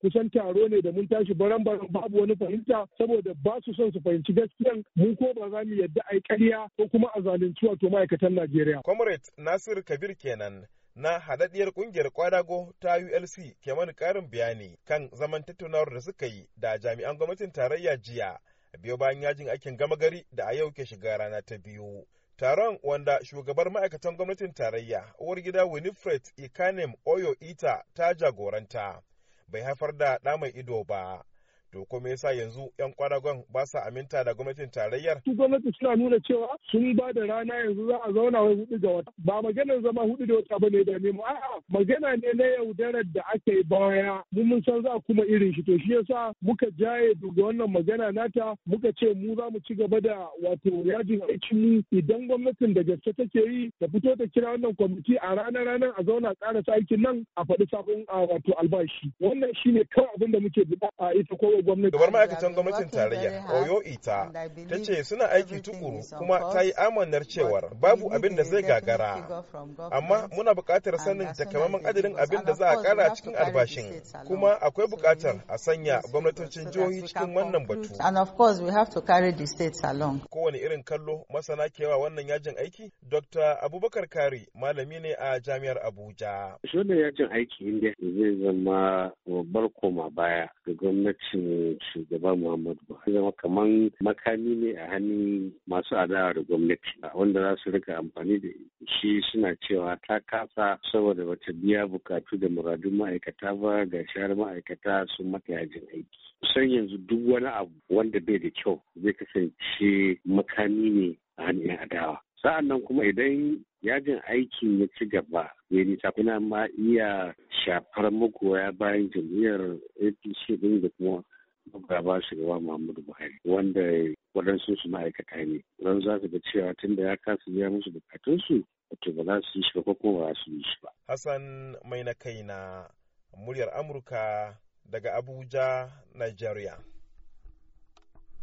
kusan taro ne da mun tashi baran-baran babu wani fahimta saboda ba su son su fahimci gaskiyan mu ko ba za mu yadda a yi ƙarya ko kuma a zalunci wato ma'aikatan Najeriya. Comrade Nasir Kabir kenan na haɗaɗɗiyar ƙungiyar kwadago ta ULC ke mani ƙarin bayani kan zaman tattaunawar da suka yi da jami'an gwamnatin tarayya jiya biyo bayan yajin aikin gama gari da a yau ke shiga rana ta biyu. Taron wanda shugabar ma'aikatan gwamnatin tarayya uwar gida Winifred Ikanem Oyo Ita ta jagoranta bai haifar da ɗa mai ido ba To kuma yasa yanzu 'yan kwadagon ba sa aminta da gwamnatin tarayyar? Su gwamnati suna nuna cewa sun ba da rana yanzu za a zauna wai hudu da wata. Ba maganar zama hudu da wata bane da nemo. A'a magana ne na yaudarar da aka yi baya. Mun mun san za kuma irin shi to shi yasa muka jaye daga wannan magana nata muka ce mu za mu ci gaba da wato yajin aikin mu idan gwamnatin da gaske take yi ta fito ta kira wannan kwamiti a ranar ranar a zauna sa aikin nan a faɗi sabon wato albashi. Wannan shine kawai abin da muke buƙata a ita ko gwamnati. ma'aikatan gwamnatin tarayya Oyo Ita ta ce suna aiki tukuru kuma ta yi amanar cewar babu abin da zai gagara. Amma muna buƙatar sanin takamaiman adadin abin da za a ƙara cikin albashin kuma akwai buƙatar a sanya gwamnatocin jihohi cikin wannan batu. And of we have to carry the states along. Kowane irin kallo masana kewa wannan yajin aiki Dr. Abubakar Kari malami ne a Jami'ar Abuja. Shi yajin aiki inda zai zama babbar koma baya ga gwamnatin shugaba muhammadu buhari zama kaman makami ne a hannun masu adawa da gwamnati wanda za su rika amfani da shi suna cewa ta kasa saboda wata biya bukatu da muradun ma'aikata ba ga shahar ma'aikata sun mata yajin aiki kusan yanzu duk wani abu wanda bai da kyau zai kasance makami ne a hannun adawa sa'an nan kuma idan yajin aiki ya ci gaba ya nisa kuna ma iya shafar magoya bayan jam'iyyar apc ɗin da kuma ta ba shugaba Muhammadu Buhari wanda waɗansu su ma'aikata ne. don za su ga cewa tun da ya kasa biya musu bukatunsu to ba za su yi shi ba ko ba su yi shi ba. Hassan mai na kai na muryar Amurka daga Abuja, Nigeria.